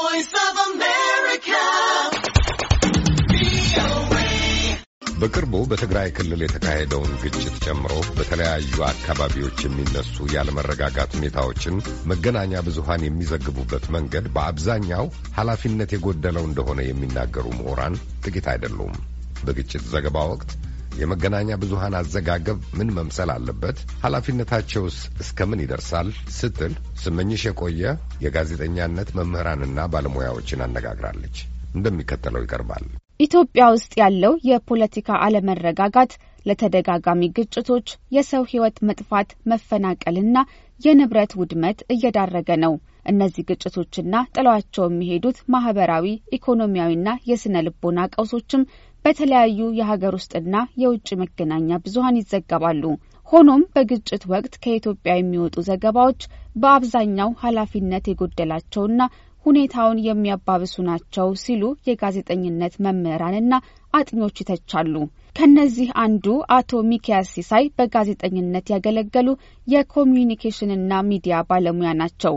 voice of America. በቅርቡ በትግራይ ክልል የተካሄደውን ግጭት ጨምሮ በተለያዩ አካባቢዎች የሚነሱ ያለመረጋጋት ሁኔታዎችን መገናኛ ብዙሃን የሚዘግቡበት መንገድ በአብዛኛው ኃላፊነት የጎደለው እንደሆነ የሚናገሩ ምሁራን ጥቂት አይደሉም። በግጭት ዘገባ ወቅት የመገናኛ ብዙሃን አዘጋገብ ምን መምሰል አለበት? ኃላፊነታቸውስ እስከምን ይደርሳል? ስትል ስመኝሽ የቆየ የጋዜጠኛነት መምህራንና ባለሙያዎችን አነጋግራለች። እንደሚከተለው ይቀርባል። ኢትዮጵያ ውስጥ ያለው የፖለቲካ አለመረጋጋት ለተደጋጋሚ ግጭቶች፣ የሰው ህይወት መጥፋት፣ መፈናቀልና የንብረት ውድመት እየዳረገ ነው። እነዚህ ግጭቶችና ጥለዋቸው የሚሄዱት ማህበራዊ ኢኮኖሚያዊና የስነ ልቦና ቀውሶችም በተለያዩ የሀገር ውስጥና የውጭ መገናኛ ብዙሀን ይዘገባሉ። ሆኖም በግጭት ወቅት ከኢትዮጵያ የሚወጡ ዘገባዎች በአብዛኛው ኃላፊነት የጎደላቸውና ሁኔታውን የሚያባብሱ ናቸው ሲሉ የጋዜጠኝነት መምህራንና አጥኞች ይተቻሉ። ከነዚህ አንዱ አቶ ሚኪያስ ሲሳይ በጋዜጠኝነት ያገለገሉ የኮሚዩኒኬሽንና ሚዲያ ባለሙያ ናቸው።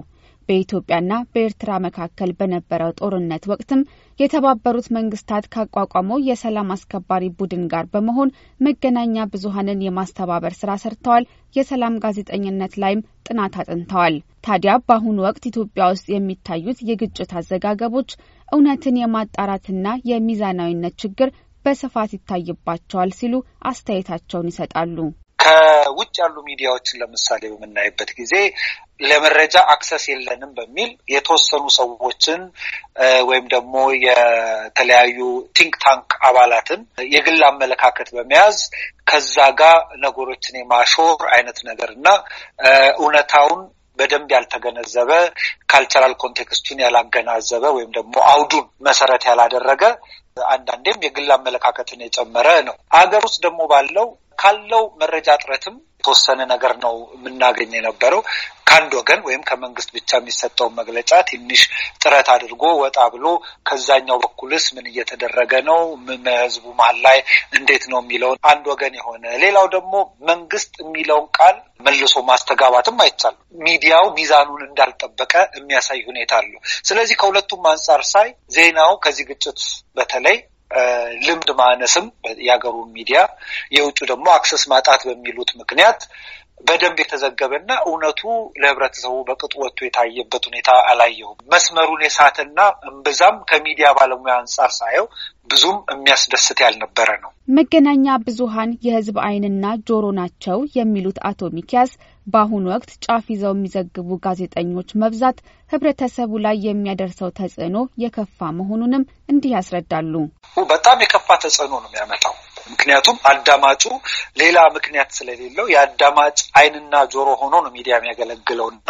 በኢትዮጵያና በኤርትራ መካከል በነበረው ጦርነት ወቅትም የተባበሩት መንግስታት ካቋቋመው የሰላም አስከባሪ ቡድን ጋር በመሆን መገናኛ ብዙሀንን የማስተባበር ስራ ሰርተዋል። የሰላም ጋዜጠኝነት ላይም ጥናት አጥንተዋል። ታዲያ በአሁኑ ወቅት ኢትዮጵያ ውስጥ የሚታዩት የግጭት አዘጋገቦች እውነትን የማጣራትና የሚዛናዊነት ችግር በስፋት ይታይባቸዋል ሲሉ አስተያየታቸውን ይሰጣሉ። ከውጭ ያሉ ሚዲያዎችን ለምሳሌ በምናይበት ጊዜ ለመረጃ አክሰስ የለንም በሚል የተወሰኑ ሰዎችን ወይም ደግሞ የተለያዩ ቲንክ ታንክ አባላትን የግል አመለካከት በመያዝ ከዛ ጋር ነገሮችን የማሾር አይነት ነገር እና እውነታውን በደንብ ያልተገነዘበ ካልቸራል ኮንቴክስቱን ያላገናዘበ ወይም ደግሞ አውዱን መሰረት ያላደረገ አንዳንዴም የግል አመለካከትን የጨመረ ነው። አገር ውስጥ ደግሞ ባለው ካለው መረጃ እጥረትም የተወሰነ ነገር ነው የምናገኝ የነበረው። ከአንድ ወገን ወይም ከመንግስት ብቻ የሚሰጠውን መግለጫ ትንሽ ጥረት አድርጎ ወጣ ብሎ ከዛኛው በኩልስ ምን እየተደረገ ነው፣ ህዝቡ መሀል ላይ እንዴት ነው የሚለውን አንድ ወገን የሆነ ሌላው ደግሞ መንግስት የሚለውን ቃል መልሶ ማስተጋባትም አይቻልም። ሚዲያው ሚዛኑን እንዳልጠበቀ የሚያሳይ ሁኔታ አለው። ስለዚህ ከሁለቱም አንጻር ሳይ ዜናው ከዚህ ግጭት በተለይ ልምድ ማነስም የሀገሩ ሚዲያ የውጭ ደግሞ አክሰስ ማጣት በሚሉት ምክንያት በደንብ የተዘገበና እውነቱ ለህብረተሰቡ በቅጡ ወጥቶ የታየበት ሁኔታ አላየሁም። መስመሩን የሳትና እምብዛም ከሚዲያ ባለሙያ አንጻር ሳየው ብዙም የሚያስደስት ያልነበረ ነው። መገናኛ ብዙኃን የህዝብ አይንና ጆሮ ናቸው የሚሉት አቶ ሚኪያስ በአሁኑ ወቅት ጫፍ ይዘው የሚዘግቡ ጋዜጠኞች መብዛት ህብረተሰቡ ላይ የሚያደርሰው ተጽዕኖ የከፋ መሆኑንም እንዲህ ያስረዳሉ። በጣም የከፋ ተጽዕኖ ነው የሚያመጣው። ምክንያቱም አዳማጩ ሌላ ምክንያት ስለሌለው የአዳማጭ አይንና ጆሮ ሆኖ ነው ሚዲያ የሚያገለግለው እና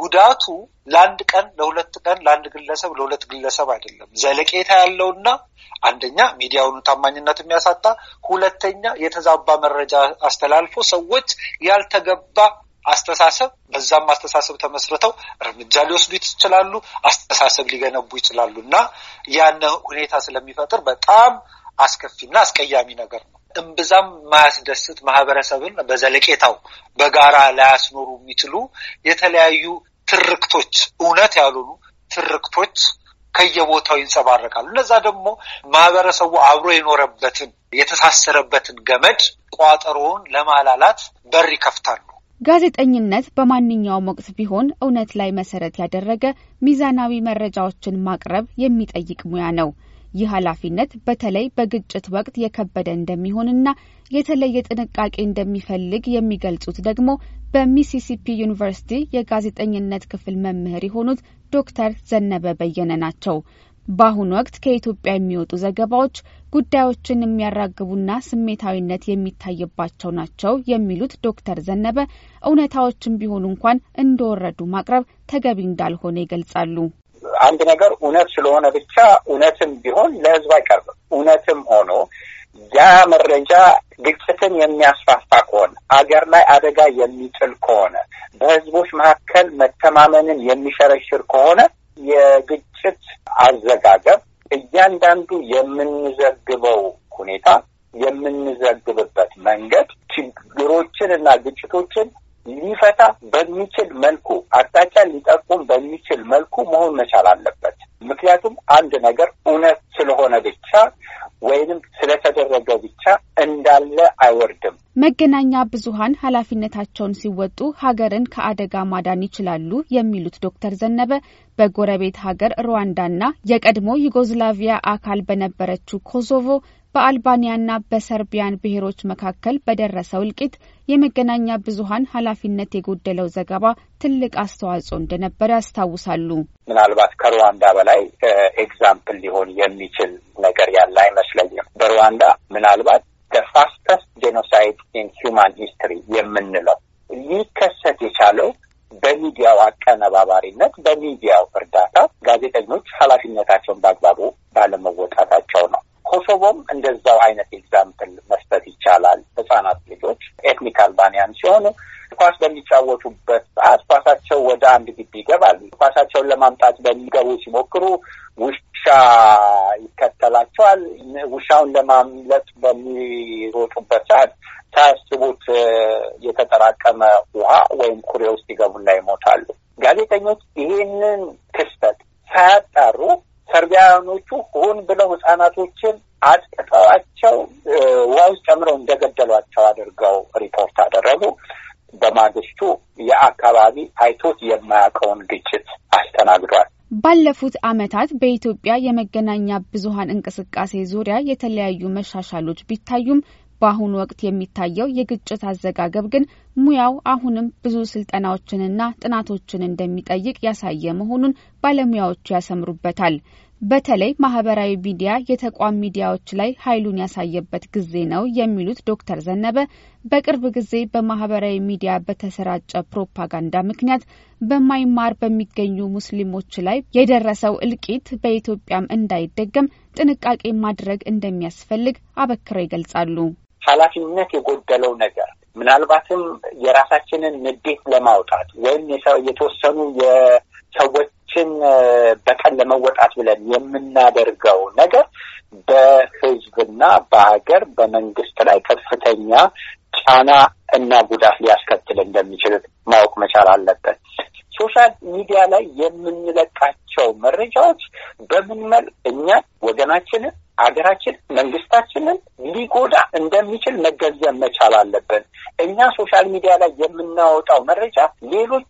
ጉዳቱ ለአንድ ቀን፣ ለሁለት ቀን፣ ለአንድ ግለሰብ፣ ለሁለት ግለሰብ አይደለም ዘለቄታ ያለውና አንደኛ ሚዲያውን ታማኝነት የሚያሳጣ ሁለተኛ የተዛባ መረጃ አስተላልፎ ሰዎች ያልተገባ አስተሳሰብ በዛም አስተሳሰብ ተመስርተው እርምጃ ሊወስዱ ይችላሉ፣ አስተሳሰብ ሊገነቡ ይችላሉ እና ያን ሁኔታ ስለሚፈጥር በጣም አስከፊና አስቀያሚ ነገር ነው። እምብዛም ማያስደስት ማህበረሰብን በዘለቄታው በጋራ ላያስኖሩ የሚችሉ የተለያዩ ትርክቶች፣ እውነት ያልሆኑ ትርክቶች ከየቦታው ይንጸባረቃሉ። እነዛ ደግሞ ማህበረሰቡ አብሮ የኖረበትን የተሳሰረበትን ገመድ ቋጠሮውን ለማላላት በር ይከፍታሉ። ጋዜጠኝነት በማንኛውም ወቅት ቢሆን እውነት ላይ መሰረት ያደረገ ሚዛናዊ መረጃዎችን ማቅረብ የሚጠይቅ ሙያ ነው። ይህ ኃላፊነት በተለይ በግጭት ወቅት የከበደ እንደሚሆንና የተለየ ጥንቃቄ እንደሚፈልግ የሚገልጹት ደግሞ በሚሲሲፒ ዩኒቨርሲቲ የጋዜጠኝነት ክፍል መምህር የሆኑት ዶክተር ዘነበ በየነ ናቸው። በአሁኑ ወቅት ከኢትዮጵያ የሚወጡ ዘገባዎች ጉዳዮችን የሚያራግቡና ስሜታዊነት የሚታይባቸው ናቸው የሚሉት ዶክተር ዘነበ እውነታዎችን ቢሆኑ እንኳን እንደወረዱ ማቅረብ ተገቢ እንዳልሆነ ይገልጻሉ። አንድ ነገር እውነት ስለሆነ ብቻ እውነትም ቢሆን ለህዝብ አይቀርብም። እውነትም ሆኖ ያ መረጃ ግጭትን የሚያስፋፋ ከሆነ አገር ላይ አደጋ የሚጥል ከሆነ በህዝቦች መካከል መተማመንን የሚሸረሽር ከሆነ የግጭት አዘጋገብ እያንዳንዱ የምንዘግበው ሁኔታ የምንዘግብበት መንገድ ችግሮችን እና ግጭቶችን ሊፈታ በሚችል መልኩ አቅጣጫ ሊጠቁም በሚችል መልኩ መሆን መቻል አለበት። ምክንያቱም አንድ ነገር እውነት ስለሆነ ብቻ ወይንም ስለተደረገ ብቻ እንዳለ አይወርድም። መገናኛ ብዙኃን ኃላፊነታቸውን ሲወጡ ሀገርን ከአደጋ ማዳን ይችላሉ የሚሉት ዶክተር ዘነበ በጎረቤት ሀገር ሩዋንዳና የቀድሞ ዩጎዝላቪያ አካል በነበረችው ኮሶቮ በአልባኒያና በሰርቢያን ብሔሮች መካከል በደረሰው እልቂት የመገናኛ ብዙሃን ኃላፊነት የጎደለው ዘገባ ትልቅ አስተዋጽኦ እንደነበረ ያስታውሳሉ። ምናልባት ከሩዋንዳ በላይ ኤግዛምፕል ሊሆን የሚችል ነገር ያለ አይመስለኝም። በሩዋንዳ ምናልባት ፋስተስት ጄኖሳይድ ኢን ሂውማን ሂስትሪ የምንለው ሊከሰት የቻለው በሚዲያው አቀነባባሪነት በሚዲያው እርዳታ ጋዜጠኞች ኃላፊነታቸውን በአግባቡ ባለመወጣታቸው ነው። ኮሶቮም እንደዛው አይነት ኤግዛምፕል መስጠት ይቻላል። ህጻናት ልጆች ኤትኒክ አልባኒያን ሲሆኑ ኳስ በሚጫወቱበት ሰዓት ኳሳቸው ወደ አንድ ግቢ ይገባል። ኳሳቸውን ለማምጣት በሚገቡ ሲሞክሩ ውሻ ይከተላቸዋል። ውሻውን ለማምለጥ በሚሮጡበት ሰዓት ሳያስቡት የተጠራቀመ ውሃ ወይም ኩሬ ውስጥ ይገቡና ይሞታሉ። ጋዜጠኞች ይህንን ክስተት ሳያጣሩ ሰርቢያኖቹ ሆን ብለው ህጻናቶችን አጥቅተዋቸው ውሃ ጨምረው እንደገደሏቸው አድርገው ሪፖርት አደረጉ። በማግስቱ የአካባቢ አይቶት የማያውቀውን ግጭት አስተናግዷል። ባለፉት ዓመታት በኢትዮጵያ የመገናኛ ብዙኃን እንቅስቃሴ ዙሪያ የተለያዩ መሻሻሎች ቢታዩም በአሁኑ ወቅት የሚታየው የግጭት አዘጋገብ ግን ሙያው አሁንም ብዙ ስልጠናዎችንና ጥናቶችን እንደሚጠይቅ ያሳየ መሆኑን ባለሙያዎቹ ያሰምሩበታል። በተለይ ማህበራዊ ሚዲያ የተቋም ሚዲያዎች ላይ ኃይሉን ያሳየበት ጊዜ ነው የሚሉት ዶክተር ዘነበ በቅርብ ጊዜ በማህበራዊ ሚዲያ በተሰራጨ ፕሮፓጋንዳ ምክንያት በማይማር በሚገኙ ሙስሊሞች ላይ የደረሰው እልቂት በኢትዮጵያም እንዳይደገም ጥንቃቄ ማድረግ እንደሚያስፈልግ አበክረው ይገልጻሉ። ኃላፊነት የጎደለው ነገር ምናልባትም የራሳችንን ንዴት ለማውጣት ወይም የተወሰኑ የሰዎችን በቀን ለመወጣት ብለን የምናደርገው ነገር በሕዝብና በሀገር በመንግስት ላይ ከፍተኛ ጫና እና ጉዳት ሊያስከትል እንደሚችል ማወቅ መቻል አለበት። ሶሻል ሚዲያ ላይ የምንለቃቸው መረጃዎች በምን መል እኛ ወገናችንን ሀገራችን መንግስታችንን ሊጎዳ እንደሚችል መገንዘብ መቻል አለብን። እኛ ሶሻል ሚዲያ ላይ የምናወጣው መረጃ ሌሎች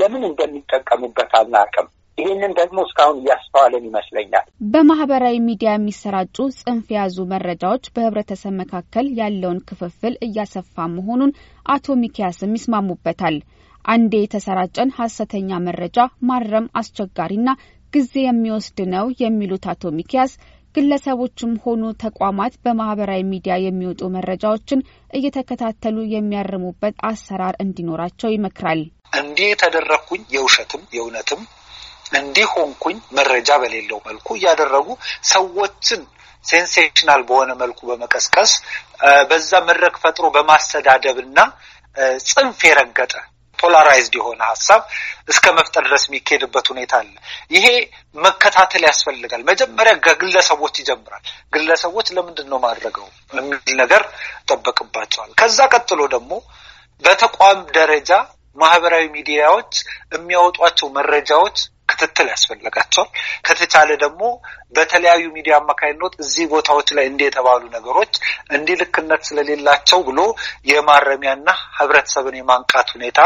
ለምን እንደሚጠቀሙበት አናውቅም። ይህንን ደግሞ እስካሁን እያስተዋልን ይመስለኛል። በማህበራዊ ሚዲያ የሚሰራጩ ጽንፍ የያዙ መረጃዎች በህብረተሰብ መካከል ያለውን ክፍፍል እያሰፋ መሆኑን አቶ ሚኪያስም ይስማሙበታል። አንዴ የተሰራጨን ሀሰተኛ መረጃ ማረም አስቸጋሪና ጊዜ የሚወስድ ነው የሚሉት አቶ ሚኪያስ ግለሰቦችም ሆኑ ተቋማት በማህበራዊ ሚዲያ የሚወጡ መረጃዎችን እየተከታተሉ የሚያርሙበት አሰራር እንዲኖራቸው ይመክራል። እንዲህ የተደረግኩኝ የውሸትም የእውነትም እንዲህ ሆንኩኝ መረጃ በሌለው መልኩ እያደረጉ ሰዎችን ሴንሴሽናል በሆነ መልኩ በመቀስቀስ በዛ መድረክ ፈጥሮ በማሰዳደብ እና ጽንፍ የረገጠ ፖላራይዝድ የሆነ ሀሳብ እስከ መፍጠር ድረስ የሚካሄድበት ሁኔታ አለ። ይሄ መከታተል ያስፈልጋል። መጀመሪያ ከግለሰቦች ይጀምራል። ግለሰቦች ለምንድን ነው ማድረገው የሚል ነገር ጠበቅባቸዋል። ከዛ ቀጥሎ ደግሞ በተቋም ደረጃ ማህበራዊ ሚዲያዎች የሚያወጧቸው መረጃዎች ክትትል ያስፈልጋቸዋል። ከተቻለ ደግሞ በተለያዩ ሚዲያ አማካኝነት እዚህ ቦታዎች ላይ እንዲህ የተባሉ ነገሮች እንዲህ ልክነት ስለሌላቸው ብሎ የማረሚያና ህብረተሰብን የማንቃት ሁኔታ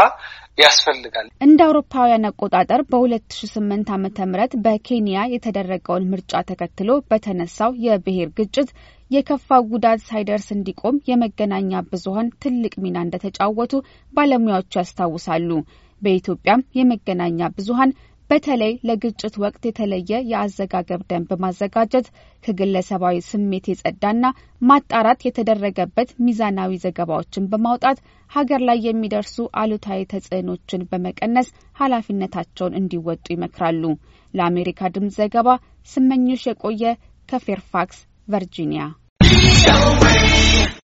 ያስፈልጋል። እንደ አውሮፓውያን አቆጣጠር በ2008 ም በኬንያ የተደረገውን ምርጫ ተከትሎ በተነሳው የብሔር ግጭት የከፋ ጉዳት ሳይደርስ እንዲቆም የመገናኛ ብዙሀን ትልቅ ሚና እንደተጫወቱ ባለሙያዎቹ ያስታውሳሉ። በኢትዮጵያም የመገናኛ ብዙሀን በተለይ ለግጭት ወቅት የተለየ የአዘጋገብ ደንብ ማዘጋጀት ከግለሰባዊ ስሜት የጸዳና ማጣራት የተደረገበት ሚዛናዊ ዘገባዎችን በማውጣት ሀገር ላይ የሚደርሱ አሉታዊ ተጽዕኖችን በመቀነስ ኃላፊነታቸውን እንዲወጡ ይመክራሉ። ለአሜሪካ ድምፅ ዘገባ ስመኞሽ የቆየ ከፌርፋክስ ቨርጂኒያ